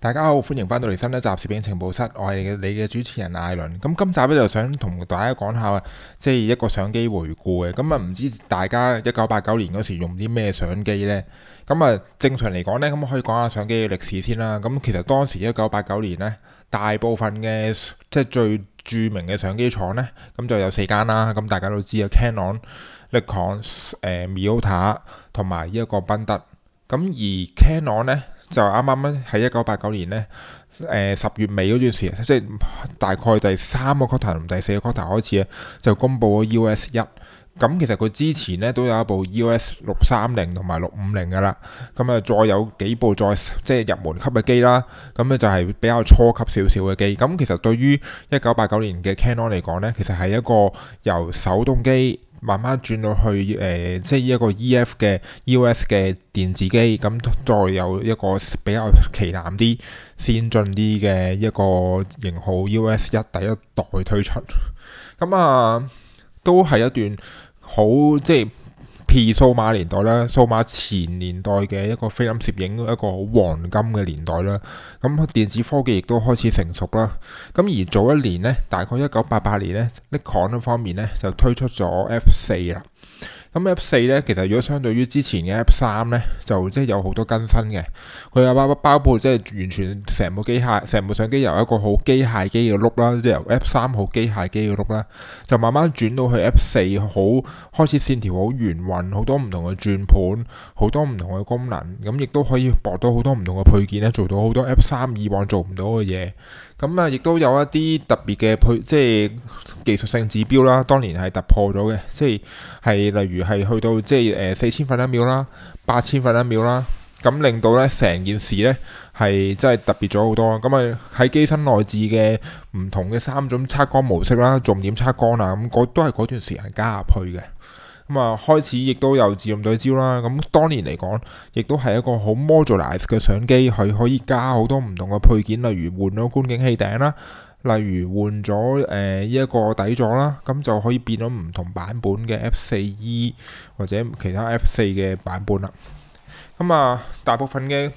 大家好，歡迎翻到嚟新一集攝影情報室，我係你嘅主持人艾倫。咁今集咧就想同大家講下即係一個相機回顧嘅。咁啊，唔知大家一九八九年嗰時用啲咩相機呢？咁啊，正常嚟講呢，咁可以講下相機嘅歷史先啦。咁其實當時一九八九年呢，大部分嘅即係最著名嘅相機廠呢，咁就有四間啦。咁大家都知有 Canon、呃、Nikon 誒 Miota 同埋依一個賓得。咁而 Canon 呢。就啱啱咧喺一九八九年咧，誒、呃、十月尾嗰段時間，即係大概第三個 quarter 同第四個 quarter 開始啊，就公布咗 EOS 一。咁、嗯、其實佢之前咧都有一部 EOS 六三零同埋六五零噶啦，咁、嗯、啊再有幾部再即係入門級嘅機啦，咁、嗯、咧就係、是、比較初級少少嘅機，咁、嗯、其實對於一九八九年嘅 Canon 嚟講咧，其實係一個由手動機。慢慢轉到去誒、呃，即係一個 EF 嘅 EOS 嘅電子機，咁、嗯、再有一個比較旗艦啲、先進啲嘅一個型號 EOS 一第一代推出，咁、嗯、啊，都係一段好即係。P 數碼年代啦，數碼前年代嘅一個菲林攝影一個好黃金嘅年代啦。咁電子科技亦都開始成熟啦。咁而早一年呢，大概一九八八年呢，尼康方面呢，就推出咗 F 四啊。咁 F 四咧，其實如果相對於之前嘅 F 三咧，就即係有好多更新嘅。佢有包括，即係完全成部機械成部相機由一個好機械機嘅碌啦，即係由 F 三好機械機嘅碌啦，就慢慢轉到去 F 四好開始線條好圓滑，好多唔同嘅轉盤，好多唔同嘅功能。咁亦都可以駁到好多唔同嘅配件咧，做到好多 F 三以往做唔到嘅嘢。咁啊，亦都有一啲特別嘅配，即係技術性指標啦。當年係突破咗嘅，即係係例如係去到即係誒四千分一秒啦，八千分一秒啦，咁令到咧成件事咧係真係特別咗好多。咁啊，喺機身內置嘅唔同嘅三種測光模式啦，重點測光啊，咁、嗰個、都係嗰段時間加入去嘅。咁啊，開始亦都有自動對焦啦。咁當年嚟講，亦都係一個好 modular 嘅相機，佢可以加好多唔同嘅配件，例如換咗觀景器頂啦，例如換咗誒呢一個底座啦，咁就可以變咗唔同版本嘅 F 四 E 或者其他 F 四嘅版本啦。咁啊，大部分嘅。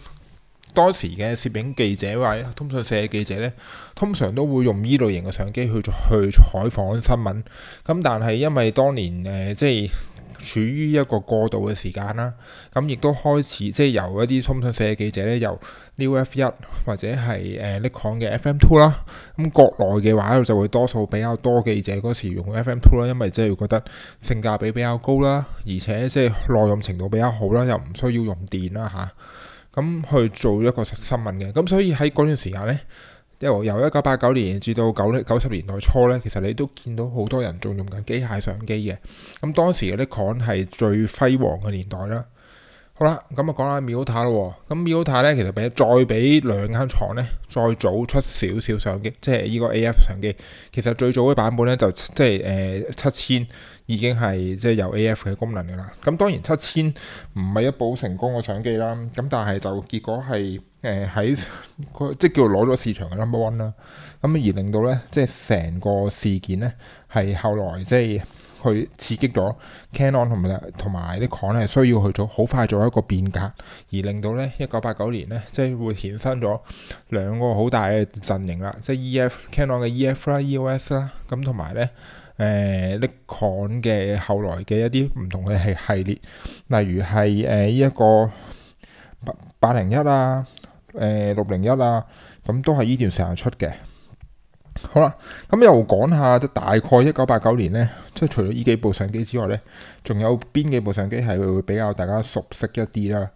當時嘅攝影記者或者通訊社嘅記者咧，通常都會用呢類型嘅相機去去採訪新聞。咁但係因為當年誒、呃，即係處於一個過渡嘅時間啦。咁亦都開始即係由一啲通訊社嘅記者咧，由 New F1 或者係誒、呃、Nikon 嘅 FM2 啦。咁國內嘅話咧，就會多數比較多記者嗰時用 FM2 啦，因為即係會覺得性價比比較高啦，而且即係耐用程度比較好啦，又唔需要用電啦嚇。啊咁去做一個新聞嘅，咁所以喺嗰段時間呢，即係由一九八九年至到九九十年代初呢，其實你都見到好多人仲用緊機械相機嘅，咁當時嗰啲 Canon 係最輝煌嘅年代啦。好啦，咁就講下 Minolta 咯。咁 Minolta 咧，其實俾再俾兩間廠咧，再早出少少相機，即係呢個 A F 相機。其實最早嘅版本咧，就即係誒七千已經係即係有 A F 嘅功能嘅啦。咁當然七千唔係一部成功嘅相機啦。咁但係就結果係誒喺即係叫做攞咗市場嘅 number one 啦。咁而令到咧，即係成個事件咧，係後來即係。佢刺激咗 Canon 同埋同埋啲 Nikon 咧，需要去做好快做一個變革，而令到咧一九八九年咧，即係會衍生咗兩個好大嘅陣營啦，即係 EF Canon 嘅 EF 啦、EOS 啦，咁同埋咧誒啲 Nikon 嘅後來嘅一啲唔同嘅係系列，例如係誒依一個八八零一啊、誒六零一啊，咁都係呢段時間出嘅。好啦，咁又講下，即大概一九八九年咧，即係除咗依幾部相機之外咧，仲有邊幾部相機係會比較大家熟悉一啲啦。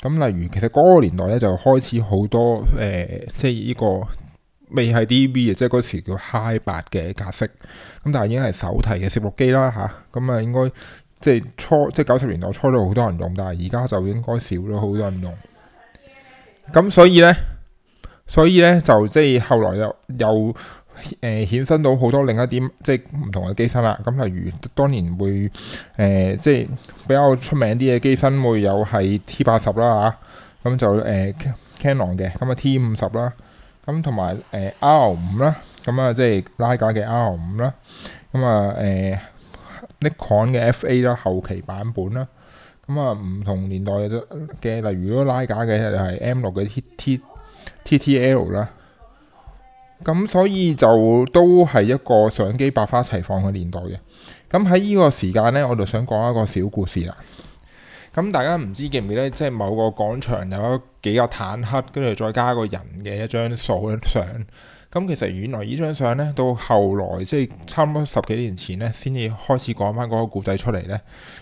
咁例如，其實嗰個年代咧就開始好多誒、呃，即係呢、這個未係 DV 嘅，即係嗰時叫 High 八嘅格式。咁但係已經係手提嘅攝錄機啦，吓咁啊，應該即係初即係九十年代初都好多人用，但係而家就應該少咗好多人用。咁所以咧，所以咧就即係後來又又。誒衍生到好多另一點，即係唔同嘅機身啦。咁、啊、例如當年會誒、呃，即係比較出名啲嘅機身，會有係 T 八十啦嚇，咁就誒 Canon 嘅，咁啊 T 五十啦，咁同埋誒 R 五啦，咁啊、呃、啊即係拉架嘅 R 五啦，咁啊誒、啊、Nikon 嘅 FA 啦，後期版本啦，咁啊唔、啊、同年代嘅，例如如拉架嘅就係 M 六嘅 T T T T L 啦。咁所以就都係一個相機百花齊放嘅年代嘅。咁喺呢個時間呢，我就想講一個小故事啦。咁大家唔知記唔記得，即係某個廣場有一幾個坦克，跟住再加一個人嘅一張數相。咁其實原來呢張相呢，到後來即係差唔多十幾年前呢，先至開始講翻嗰個故仔出嚟呢。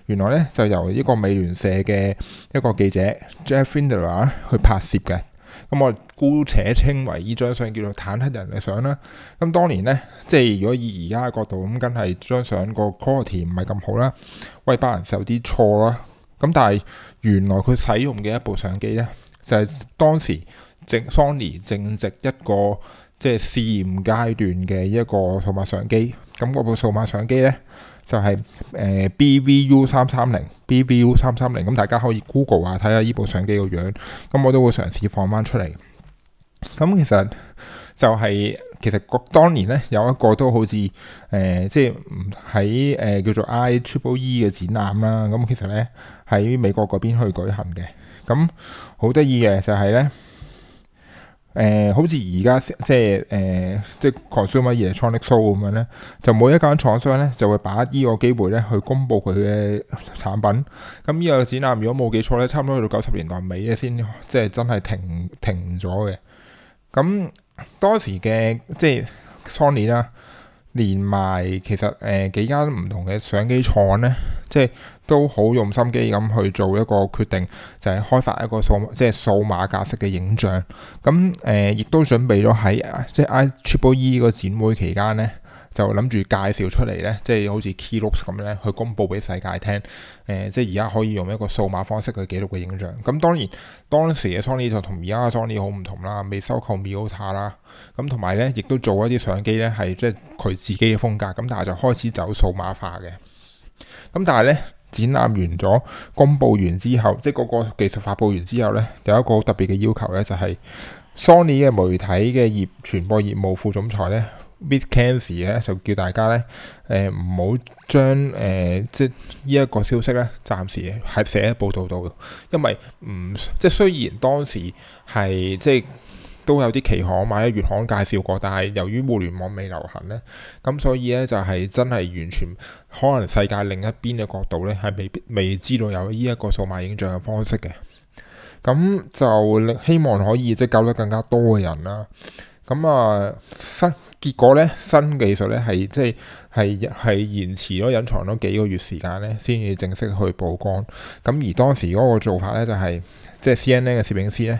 原來呢，就由一個美聯社嘅一個記者 Jeff Widener 去拍攝嘅。咁我姑且稱為呢張相叫做坦克人嘅相啦。咁當年咧，即係如果以而家嘅角度，咁梗係張相個 quality 唔係咁好啦。威伯人有啲錯啦。咁但係原來佢使用嘅一部相機咧，就係、是、當時正 n y 正值一個即係試驗階段嘅一個數碼相機。咁嗰部數碼相機咧。就係誒 B V U 三三零 B V U 三三零，咁大家可以 Google 下、啊、睇下呢部相機個樣。咁我都會嘗試放翻出嚟。咁其實就係、是、其實嗰當年咧，有一個都好似誒、呃、即係喺誒叫做 I Triple E 嘅展覽啦，咁其實咧喺美國嗰邊去舉行嘅，咁好得意嘅就係、是、咧。誒、呃，好似而家即係誒，即係、呃、consumer electronics show 咁樣咧，就每一間廠商咧就會把握呢個機會咧去公佈佢嘅產品。咁、嗯、呢、這個展覽，如果冇記錯咧，差唔多去到九十年代尾咧先，即係真係停停咗嘅。咁、嗯、當時嘅即係 Sony 啦。連埋其實誒、呃、幾間唔同嘅相機廠咧，即係都好用心機咁去做一個決定，就係、是、開發一個數即係數碼格式嘅影像。咁誒、呃、亦都準備咗喺即係 Triple E 個展會期間咧。就諗住介紹出嚟咧，即係好似 k e y l o o k s 咁咧，去公佈俾世界聽。誒、呃，即係而家可以用一個數碼方式去記錄嘅影像。咁當然當時嘅 Sony 就同而家嘅 Sony 好唔同啦，未收購 Minolta 啦。咁同埋咧，亦都做一啲相機咧，係即係佢自己嘅風格。咁但係就開始走數碼化嘅。咁但係咧，展覽完咗，公佈完之後，即係嗰個技術發布完之後咧，有一個特別嘅要求咧，就係、是、Sony 嘅媒體嘅業傳播業務副總裁咧。Bitcansy 咧就叫大家咧，誒唔好將誒、呃、即呢一、這個消息咧，暫時係寫喺報道度，因為唔即雖然當時係即都有啲期刊或者月刊介紹過，但係由於互聯網未流行咧，咁所以咧就係、是、真係完全可能世界另一邊嘅角度咧，係未未知道有呢一個數碼影像嘅方式嘅。咁就希望可以即救得更加多嘅人啦。咁啊，結果咧，新技術咧係即係係係延遲咗隱藏咗幾個月時間咧，先至正式去曝光。咁而當時嗰個做法咧就係、是，即係 CNN 嘅攝影師咧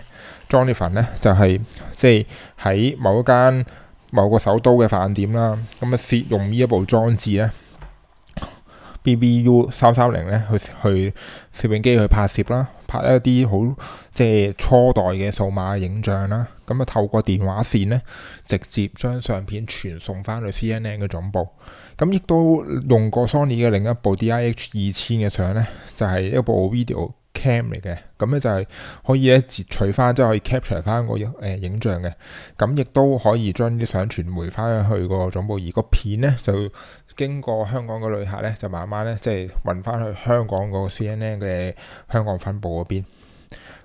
，Jonathan 咧就係即係喺某一間某個首都嘅飯店啦。咁啊攝用裝呢一部裝置咧，BBU 三三零咧去去攝影機去拍攝啦。拍一啲好即係初代嘅數碼影像啦，咁啊透過電話線咧，直接將相片傳送翻去 CNN 嘅總部，咁亦都用過 Sony 嘅另一部 DIH 二千嘅相咧，就係、是、一部 video。嚟嘅，咁咧就係可以咧截取翻，即係可以 capture 翻個影誒影像嘅，咁亦都可以將啲相傳回翻去個總部。而個片咧就經過香港嘅旅客咧，就慢慢咧即係運翻去香港個 CNN 嘅香港分部嗰邊。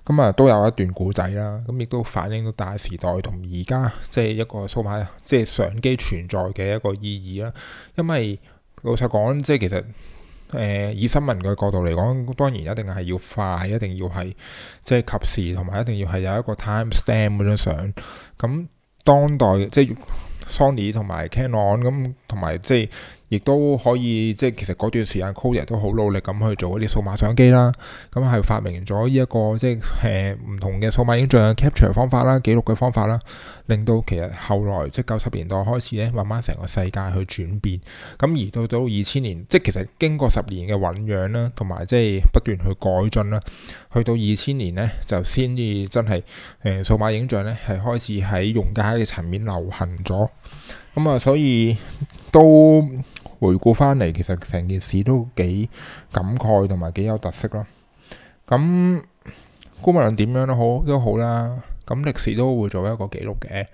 咁啊，都有一段故仔啦。咁亦都反映到大時代同而家即係一個數碼即係相機存在嘅一個意義啦。因為老實講，即係其實。誒、呃、以新聞嘅角度嚟講，當然一定係要快，一定要係即係及時，同埋一定要係有一個 time stamp 張相咁、嗯、當代即係 Sony 同埋 Canon 咁、嗯，同埋即係。亦都可以即係，其實嗰段時間，柯達都好努力咁去做嗰啲數碼相機啦。咁係發明咗呢一個即係誒唔同嘅數碼影像 capture 方法啦、記錄嘅方法啦，令到其實後來即九十年代開始咧，慢慢成個世界去轉變。咁而到到二千年，即係其實經過十年嘅醞釀啦，同埋即係不斷去改進啦，去到二千年咧就先至真係誒、呃、數碼影像咧係開始喺用家嘅層面流行咗。咁啊，所以都。回顧翻嚟，其實成件事都幾感慨同埋幾有特色囉。咁，無論點樣都好都好啦。咁歷史都會做一個記錄嘅。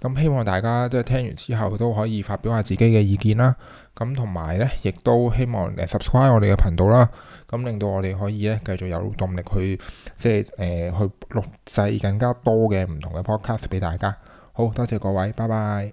咁希望大家即係聽完之後都可以發表下自己嘅意見啦。咁同埋咧，亦都希望誒 subscribe 我哋嘅頻道啦。咁令到我哋可以咧繼續有動力去即係誒、呃、去錄製更加多嘅唔同嘅 podcast 俾大家。好多謝各位，拜拜。